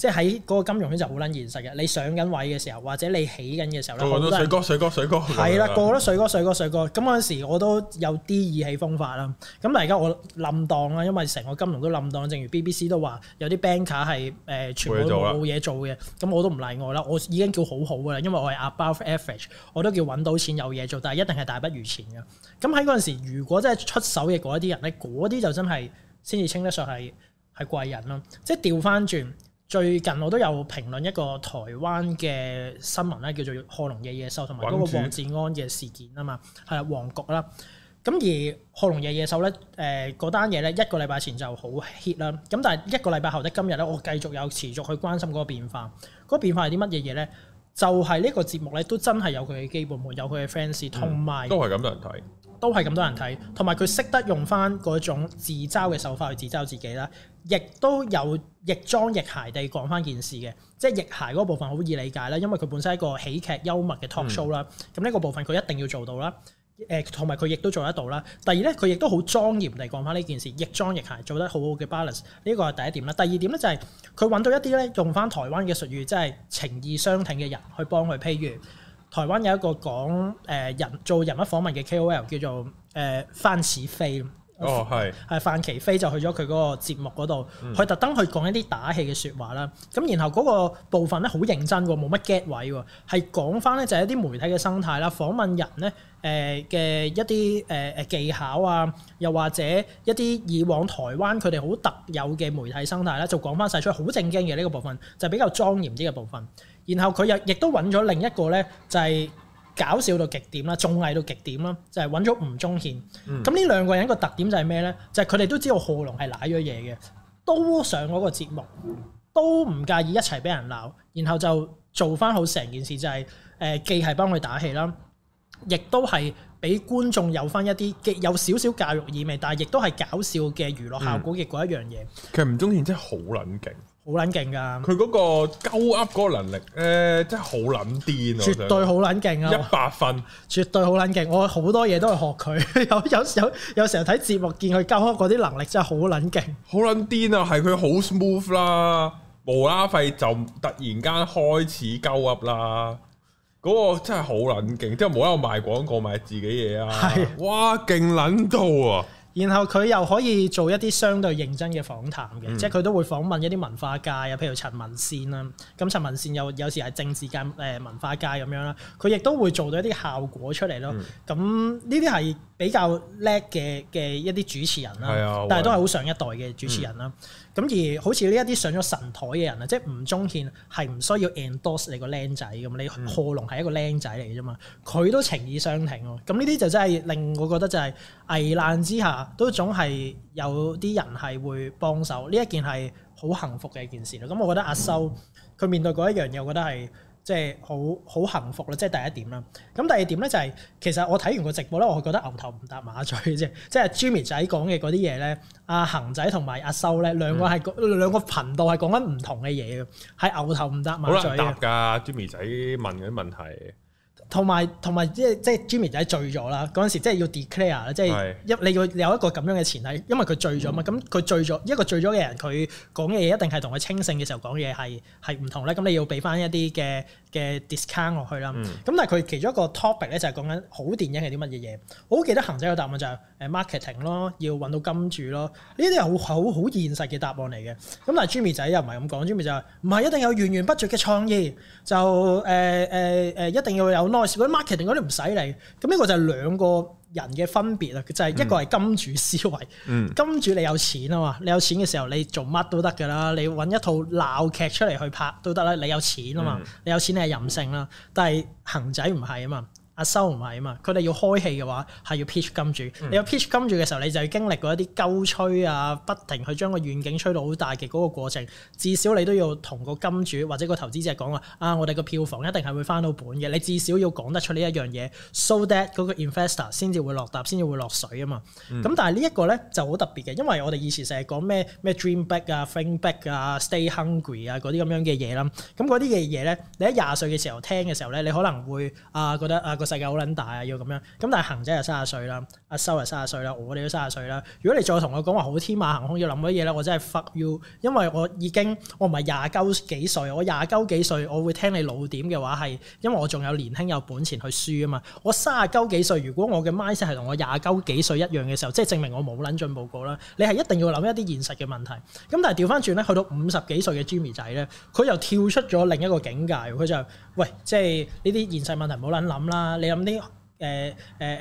即係喺嗰個金融圈就好撚現實嘅，你上緊位嘅時候，或者你起緊嘅時候咧，個個都水哥水哥水哥，係啦，個個都水哥水哥水哥。咁嗰陣時我都有啲意氣風發啦。咁但而家我冧當啦，因為成個金融都冧當。正如 BBC 都話，有啲 banker、er、係、呃、全部冇嘢做嘅。咁我都唔例外啦。我已經叫好好嘅啦，因為我係 above average，我都叫揾到錢有嘢做，但係一定係大不如前嘅。咁喺嗰陣時，如果真係出手嘅嗰一啲人咧，嗰啲就真係先至稱得上係係貴人咯。即係調翻轉。最近我都有評論一個台灣嘅新聞咧，叫做《賀瓏夜夜秀》，同埋嗰個黃智安嘅事件啊嘛，係啊黃局啦。咁而《賀瓏夜夜秀》咧，誒嗰單嘢咧，一個禮拜前就好 hit 啦。咁但係一個禮拜後咧，今日咧我繼續有持續去關心嗰個變化。嗰、嗰個變化係啲乜嘢嘢咧？就係、是、呢個節目咧、嗯，都真係有佢嘅基本，有佢嘅 fans，同埋都係咁樣睇。都係咁多人睇，同埋佢識得用翻嗰種自嘲嘅手法去自嘲自己啦，亦都有亦莊亦諧地講翻件事嘅，即係亦諧嗰部分好易理解啦，因為佢本身係一個喜劇幽默嘅 talk show 啦、嗯，咁呢個部分佢一定要做到啦，誒同埋佢亦都做得到啦。第二咧，佢亦都好莊嚴地講翻呢件事，亦莊亦諧做得好好嘅 balance，呢個係第一點啦。第二點咧就係佢揾到一啲咧用翻台灣嘅術語，即係情義相挺嘅人去幫佢批完。台灣有一個講誒人、呃、做人物訪問嘅 KOL 叫做誒范似飛，呃、哦係，係范奇飛就去咗佢嗰個節目嗰度，佢特登去講一啲打氣嘅説話啦。咁然後嗰個部分咧好認真喎，冇乜 get 位喎，係講翻咧就係、是、一啲媒體嘅生態啦，訪問人咧誒嘅一啲誒誒技巧啊，又或者一啲以往台灣佢哋好特有嘅媒體生態咧，就講翻晒出好正經嘅呢個部分，就是、比較莊嚴啲嘅部分。然後佢又亦都揾咗另一個呢，就係搞笑到極點啦，綜藝到極點啦，就係揾咗吳宗憲。咁呢、嗯、兩個人個特點就係咩呢？就係佢哋都知道賀龍係瀨咗嘢嘅，都上嗰個節目，都唔介意一齊俾人鬧，然後就做翻好成件事、就是，就係誒既係幫佢打氣啦，亦都係俾觀眾有翻一啲有少少教育意味，但係亦都係搞笑嘅娛樂效果嘅嗰一樣嘢、嗯。其實吳宗憲真係好撚勁。好撚勁噶！佢嗰個鳩噏嗰個能力，誒、欸，真係好撚癲啊！絕對好撚勁啊！一百我分，絕對好撚勁！我好多嘢都係學佢， 有有有有時候睇節目見佢鳩噏嗰啲能力，真係好撚勁！好撚癲啊！係佢好 smooth 啦，無啦廢就突然間開始鳩噏啦，嗰、那個真係好撚勁，即係冇喺度賣廣告賣自己嘢啊！係是哇，勁撚到啊！然後佢又可以做一啲相對認真嘅訪談嘅，嗯、即係佢都會訪問一啲文化界啊，譬如陳文茜啦。咁陳文茜有有時係政治界誒、呃、文化界咁樣啦，佢亦都會做到一啲效果出嚟咯。咁呢啲係比較叻嘅嘅一啲主持人啦，嗯、但係都係好上一代嘅主持人啦。嗯嗯嗯咁而好似呢一啲上咗神台嘅人啊，即係吳宗憲，係唔需要 endorse 你個靚仔咁，你賀龍係一個靚仔嚟嘅啫嘛，佢都情義相挺咯。咁呢啲就真係令我覺得就係危難之下都總係有啲人係會幫手，呢一件係好幸福嘅一件事啦。咁我覺得阿修佢面對嗰一樣嘢，我覺得係。即係好好幸福啦，即係第一點啦。咁第二點咧就係、是、其實我睇完個直播咧，我係覺得牛頭唔搭馬嘴啫。即係 Jimmy 仔講嘅嗰啲嘢咧，阿、啊、恒仔同埋阿修咧，兩個係、嗯、兩個頻道係講緊唔同嘅嘢嘅，係牛頭唔搭馬嘴。好難答㗎，Jimmy 仔問嗰啲問題。同埋同埋即係即係 Jimmy 仔醉咗啦，嗰陣時 are，即係要 declare 即係一你要有一個咁樣嘅前提，因為佢醉咗嘛。咁佢、嗯、醉咗，一個醉咗嘅人，佢講嘅嘢一定係同佢清醒嘅時候講嘅嘢係係唔同咧。咁你要俾翻一啲嘅。嘅 discount 落去啦，咁、嗯、但係佢其中一個 topic 咧就係講緊好電影係啲乜嘢嘢，我好記得行仔嘅答案就係、是、誒、欸、marketing 咯，要揾到金主咯，呢啲係好好好現實嘅答案嚟嘅。咁但係 Jimmy 仔又唔係咁講，Jimmy 就係唔係一定有源源不絕嘅創意，就誒誒誒一定要有 noise 嗰啲 marketing 嗰啲唔使嚟。咁呢個就係兩個。人嘅分別啊，就係、是、一個係金主思維，嗯、金主你有錢啊嘛，你有錢嘅時候你做乜都得㗎啦，你揾一套鬧劇出嚟去拍都得啦，你有錢啊嘛，嗯、你有錢你係任性啦，但係恒仔唔係啊嘛。阿修唔係啊嘛，佢哋要開戲嘅話，係要 pitch 金主，嗯、你要 pitch 金主嘅時候，你就要經歷過一啲鳩吹啊，不停去將個遠景吹到好大嘅嗰個過程。至少你都要同個金主或者個投資者講話啊，我哋個票房一定係會翻到本嘅。你至少要講得出呢一樣嘢，so that 嗰個 investor 先至會落搭，先至會落水啊嘛。咁、嗯、但係呢一個咧就好特別嘅，因為我哋以前成日講咩咩 dream big 啊，think big 啊，stay hungry 啊嗰啲咁樣嘅嘢啦。咁嗰啲嘅嘢咧，你喺廿歲嘅時候聽嘅時候咧，你可能會啊覺得啊個。世界好撚大啊！要咁樣咁，但係恒仔又三十歲啦，阿修又三十歲啦，我哋都三十歲啦。如果你再同我講話好天馬行空，要諗乜嘢咧，我真係 fuck you，因為我已經我唔係廿九幾歲，我廿九幾歲，我會聽你老點嘅話係，因為我仲有年輕有本錢去輸啊嘛。我卅九幾歲，如果我嘅 mindset 係同我廿九幾歲一樣嘅時候，即係證明我冇撚進步過啦。你係一定要諗一啲現實嘅問題。咁但係調翻轉咧，去到五十幾歲嘅 Jimmy 仔咧，佢又跳出咗另一個境界。佢就喂，即係呢啲現實問題冇撚諗啦。你諗啲誒誒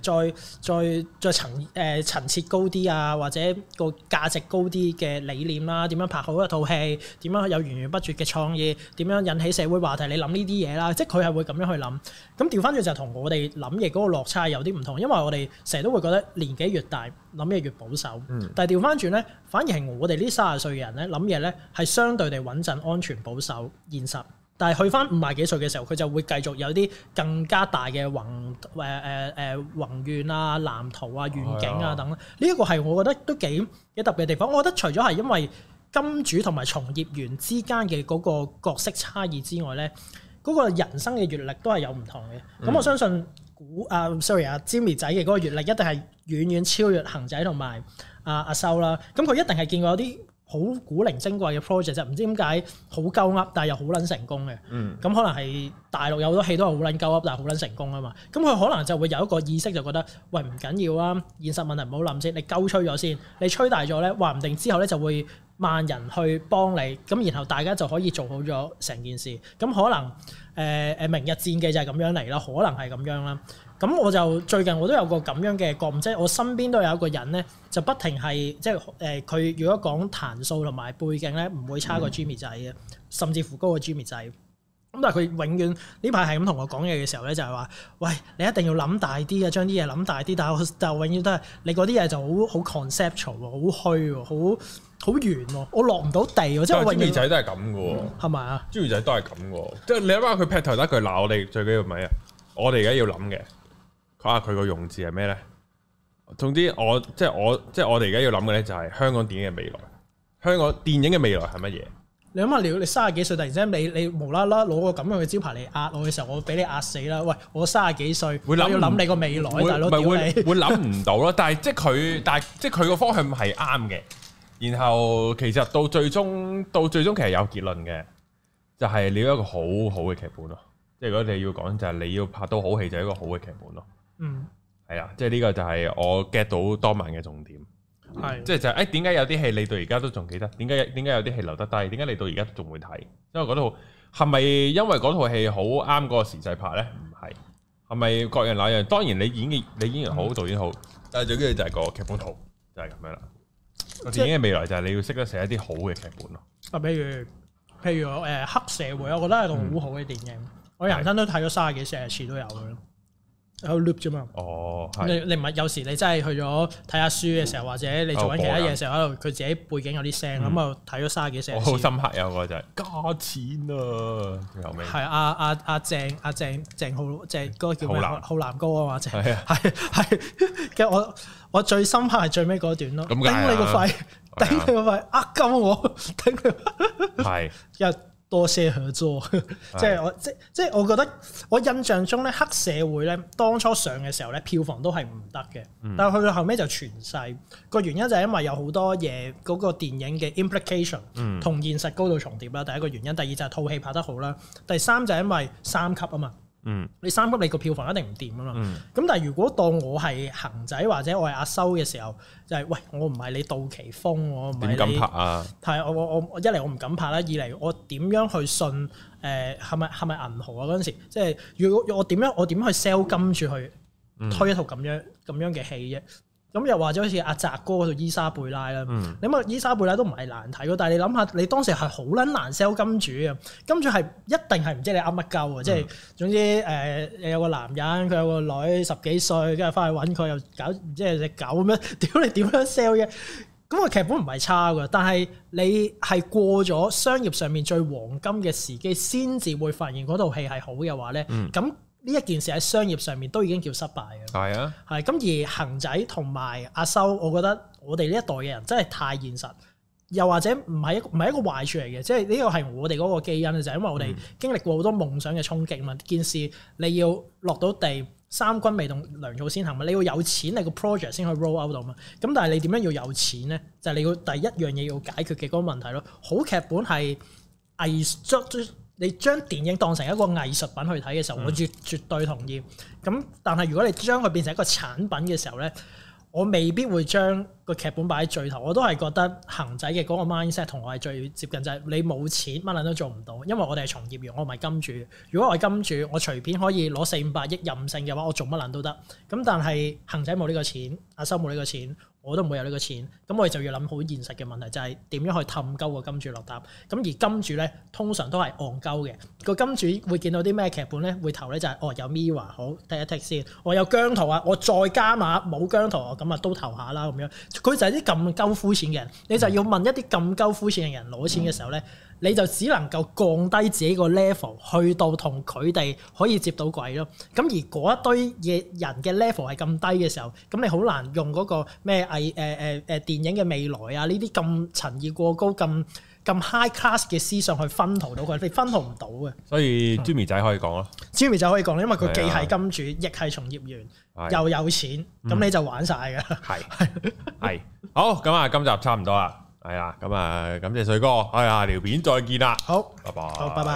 誒誒、再再再層誒層次高啲啊，或者個價值高啲嘅理念啦，點樣拍好一套戲，點樣有源源不絕嘅創意，點樣引起社會話題？你諗呢啲嘢啦，即係佢係會咁樣去諗。咁調翻轉就同我哋諗嘢嗰個落差有啲唔同，因為我哋成日都會覺得年紀越大諗嘢越保守。嗯、但係調翻轉咧，反而係我哋呢三十歲嘅人咧諗嘢咧係相對地穩陣、安全、保守、現實。但係去翻五廿幾歲嘅時候，佢就會繼續有啲更加大嘅宏誒誒誒宏願啊、藍圖啊、願景啊等，等。呢、這、一個係我覺得都幾幾特別嘅地方。我覺得除咗係因為金主同埋從業員之間嘅嗰個角色差異之外咧，嗰、那個人生嘅閲歷都係有唔同嘅。咁我相信、嗯、古啊，sorry 啊，Jimmy 仔嘅嗰個閲歷一定係遠遠超越恒仔同埋阿阿修啦。咁佢一定係見過有啲。好古靈精怪嘅 project 就唔知點解好鳩噏，但係又好撚成功嘅。咁、嗯、可能係大陸有好多戲都係好撚鳩噏，但係好撚成功啊嘛。咁佢可能就會有一個意識，就覺得喂唔緊要啊，現實問題唔好諗先，你鳩吹咗先，你吹大咗咧，話唔定之後咧就會萬人去幫你，咁然後大家就可以做好咗成件事。咁可能誒誒、呃、明日戰記就係咁樣嚟啦，可能係咁樣啦。咁我就最近我都有個咁樣嘅覺悟，即係我身邊都有一個人咧，就不停係即係誒，佢如果講彈數同埋背景咧，唔會差過 Jimmy 仔嘅，甚至乎高過 Jimmy 仔。咁但係佢永遠呢排係咁同我講嘢嘅時候咧，就係話：喂，你一定要諗大啲啊，將啲嘢諗大啲。但係佢就永遠都係你嗰啲嘢就好好 conceptual，好虛，好好遠，我落唔到地。即係 Jimmy 仔都係咁嘅，係咪啊？Jimmy 仔都係咁嘅，即係 你諗下佢劈頭得佢鬧我哋，最緊要咪啊！我哋而家要諗嘅。睇下佢個用字係咩咧？總之我即係我即係我哋而家要諗嘅咧，就係香港電影嘅未來。香港電影嘅未來係乜嘢？你諗下，你你卅幾歲突然之間，你你無啦啦攞個咁樣嘅招牌嚟壓我嘅時候，我俾你壓死啦！喂，我卅幾歲，會諗想諗你個未來，大佬點嚟？會諗唔到咯。 但係即係佢，但係即係佢個方向係啱嘅。然後其實到最終到最終其實有結論嘅，就係、是、你要一個好好嘅劇本咯。即係如果你要講就係、是、你要拍到好戲，就係、是、一個好嘅劇本咯。嗯，係啊，即係呢個就係我 get 到當晚嘅重點，係的即係就誒、是，點、欸、解有啲戲你到而家都仲記得？點解點解有啲戲留得低？點解你到而家仲會睇？因為嗰套係咪因為嗰套戲好啱嗰個時勢拍咧？唔係，係咪各樣那樣？當然你演嘅你演員好，導演好，嗯、但係最緊要就係個劇本圖，就係、是、咁樣啦。即電影嘅未來就係你要識得寫一啲好嘅劇本咯。啊，譬如譬如誒黑社會，我覺得係個好好嘅電影，嗯、我人生都睇咗卅幾四十次都有嘅咯。嗯喺度 loop 啫嘛，你你唔係有時你真係去咗睇下書嘅時候，或者你做緊其他嘢嘅時候，喺度佢自己背景有啲聲，咁啊睇咗卅幾聲。好深刻有個就係加錢啊，後尾係阿阿阿鄭阿鄭鄭浩鄭嗰個叫咩浩南哥啊嘛，係係係，其實我我最深刻係最尾嗰段咯，頂你個肺，頂你個肺，呃，金我，頂你係，其多些好多，即係我即即係我覺得我印象中咧黑社會咧當初上嘅時候咧票房都係唔得嘅，嗯、但去到後尾就傳世。個原因就係因為有好多嘢嗰、嗰個電影嘅 implication 同、嗯、現實高度重疊啦。第一個原因，第二就係套戲拍得好啦。第三就係因為三級啊嘛。嗯，你三級你個票房一定唔掂啊嘛。咁、嗯、但係如果當我係恒仔或者我係阿修嘅時候，就係、是、喂我唔係你杜琪峰，我唔係你，你，係我我我一嚟我唔敢拍啦、啊，二嚟我點樣去信誒係咪係咪銀河啊嗰陣時，即係如，如果我點樣我點去 sell 跟住去推一套咁樣咁、嗯、樣嘅戲啫。咁又或者好似阿澤哥嗰套《伊莎貝拉》啦、嗯，咁啊，《伊莎貝拉》都唔係難睇喎。但係你諗下，你當時係好撚難 sell 金主啊！金主係一定係唔知你噏乜鳩啊！嗯、即係總之誒、呃，有個男人佢有個女十幾歲，跟住翻去揾佢又搞唔知係隻狗咁樣，屌你點樣 sell 嘅？咁、個劇本唔係差嘅，但係你係過咗商業上面最黃金嘅時機，先至會發現嗰套戲係好嘅話咧。咁、嗯嗯呢一件事喺商業上面都已經叫失敗嘅。係啊，係咁而恒仔同埋阿修，我覺得我哋呢一代嘅人真係太現實，又或者唔係唔係一個壞處嚟嘅，即係呢個係我哋嗰個基因就就係、因為我哋經歷過好多夢想嘅衝擊嘛。嗯、件事你要落到地，三軍未動糧草先行嘛。你要有錢，你個 project 先可以 roll out 到嘛。咁但係你點樣要有錢咧？就係、係、你要第一樣嘢要解決嘅嗰個問題咯。好劇本係藝你將電影當成一個藝術品去睇嘅時候，我絕絕對同意。咁但係如果你將佢變成一個產品嘅時候咧，我未必會將個劇本擺喺最頭。我都係覺得恒仔嘅嗰個 mindset 同我係最接近就係你冇錢乜撚都做唔到，因為我哋係從業員，我唔係金主。如果我係金主，我隨便可以攞四五百億任性嘅話，我做乜撚都得。咁但係恒仔冇呢個錢，阿修冇呢個錢。我都唔會有呢個錢，咁我哋就要諗好現實嘅問題，就係、是、點樣去氹鳩個金主落搭。咁而金主咧，通常都係戇鳩嘅。個金主會見到啲咩劇本咧？會投咧，就係、是、哦，有 Mirror 好睇一睇先看看。我、哦、有姜濤啊，我再加碼冇姜濤，我咁啊都投下啦咁樣。佢就係啲咁鳩膚淺嘅人，你就要問一啲咁鳩膚淺嘅人攞錢嘅時候咧。嗯嗯你就只能夠降低自己個 level，去到同佢哋可以接到軌咯。咁而嗰一堆嘢人嘅 level 係咁低嘅時候，咁你好難用嗰個咩藝誒誒誒電影嘅未來啊呢啲咁陳義過高、咁咁 high class 嘅思想去分逃到佢，你分逃唔到嘅。所以、嗯、Jimmy 仔可以講咯、啊、，Jimmy 仔可以講，因為佢既係金主，亦係、啊、從業員，啊、又有錢，咁、嗯、你就玩晒㗎。係係好，咁啊，今集差唔多啦。係啊，咁啊，嗯，感謝水哥，係啊，條片再見啦，好，拜拜好，拜拜，好，拜拜。